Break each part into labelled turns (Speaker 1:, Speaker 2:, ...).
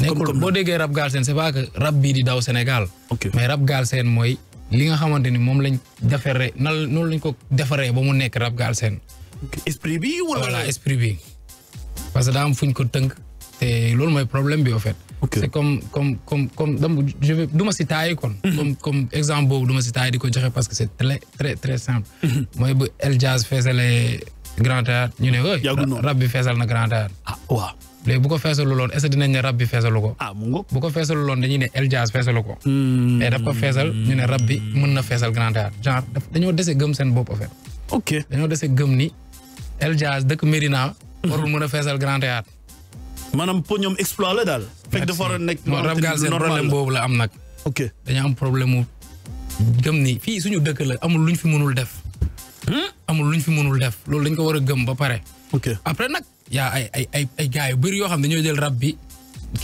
Speaker 1: nekkul boo déggee rap galsen c'est pas que rap bii di daw Sénégal. mais rap seen mooy li nga xamante ni moom lañ defaree nan noonu lañ ko defaree ba mu nekk rap seen esprit bi wala voilà bi. parce que daa am fuñ ko tënk te loolu mooy problème bi en fait. c'est comme comme comme comme donc je si taay kon. Mhm. comme comme exemple boobu duma si taay di ko joxe parce que c'est très très très mhm. mooy bu El Jazz feesalee Grand ñu ne. yàggul noonu rap bi feesal na Grand léegi bu ko feesalu loon est-ce que dinañ ne rab bi feesalu ko. ah mu ko feesalu loon dañuy ne El Diaz feesalu ko. Hmm. mais daf ko feesal ñu ne rab bi mën na feesal Grand Théâtre genre dañoo dese gëm seen bopp affaire. ok dañoo dese gëm ni El Diaz dëkk Médina. warul mën a feesal Grand Théâtre. maanaam pour ñoom exploit daal. fekk dafa war a nekk rab gaal seen boobu la am nag. ok dañoo am problème mu gëm ni fii suñu dëkk la amul luñ fi mënul def. Hmm? amul luñ fi mënul def loolu dañ ko war a gëm ba pare. ok après nag yaa ay ay ay ay gars yu bëri yoo xam ne dañoo jël rab bi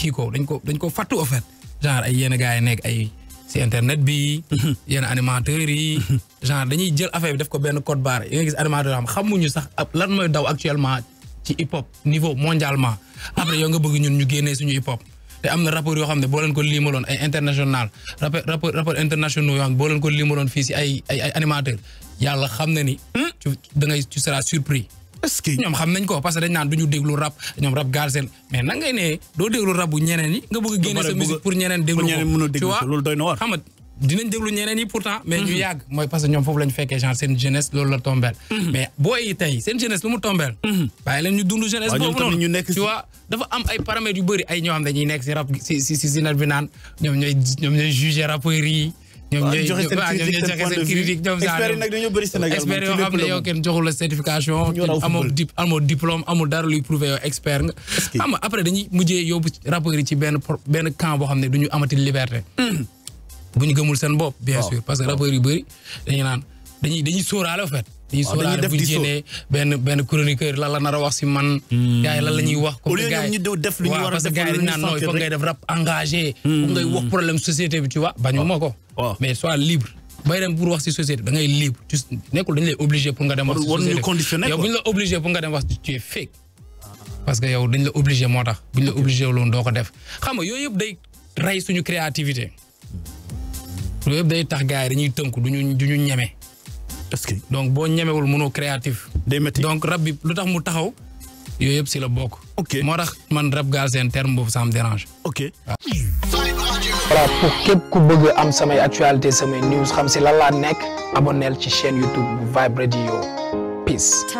Speaker 1: kii ko dañ ko dañ ko fàttu au fait genre ay yenn gars yi nekk ay si internet bi mhm. yenn animateurs yi mhm. genre dañuy jël affaire bi def ko benn code barre yi xam xamuñu sax lan mooy daw actuellement ci hip hop niveau mondialement après yow nga bëgg ñun ñu génnee suñu hip te am na rapport yoo xam ne boo leen ko limaloon ay international rapport rapport internationaux boo leen ko limaloon fii si ay ay animateur yàlla xam na ni hmm? da ngay surpris est-ce ñoom xam nañ ko parce dañ naan du ñu déglu rap ñoom rap Galsen mais nan ngay doo déglu rap bu ñeneen nga bëgg génne sa musique pour déglu ko tu vois mais ñu mm-hmm. yàgg mooy parce que ñoom foofu lañ fekkee seen jeunesse loolu la tombeel mm-hmm. mais booy tey seen jeunesse lu mu tombeel mm-hmm. bàyyi leen ñu jeunesse boobu noonu nekk si rap si si si net bi naan ñoom ñooy ñoom ñooy juger rappeurs yi ñoom ñooy joxe seen critique ñoom expert nag dañoo bëri Sénégal expert yoo xam ne yow kenn joxul la certification amoo di amoo dara luy prouver yow expert nga xam nga après dañuy mujjee yóbbu rappeurs ci benn benn camp boo xam ne duñu amati liberté hmm. bu ñu gëmul seen bopp bien sûr parce que rappeurs yu bëri dañu naan dañuy dañuy sóoraale en Oh, dañuy sóoraale bu ñu génnee benn benn chroniqueur lan la nar a wax si man. gars yi lan la ñuy wax. comme que gars yi ñu def lu ñu war a def parce que gars yi ngay def rap engagé. pour ngay wax problème société bi tu vois bañu ma mais sois libre. bay dem pour wax si société da ngay libre tu nekkul dañu lay obligé pour nga dem. wax si société war ñu conditionné yow bu la obligé pour nga dem wax tu es fake. parce que yow dañ la obligé moo tax bu ñu la obligé loon doo ko def xam nga yooyu yëpp day rey suñu créativité. loolu day tax gars dañuy tënk duñu duñu ñeme parce donc boo ñemewul mënoo créatif. day donc rabbi, bi lu tax mu taxaw. yooyu yëpp si la bokk. ok Moi, tax man rab gaal seen terme boobu ça me dérange. ok. voilà pour képp ku bëgg am samay actualité samay news xam si nek. laa nekk à ci chaîne YouTube bu Vibe Radio peace.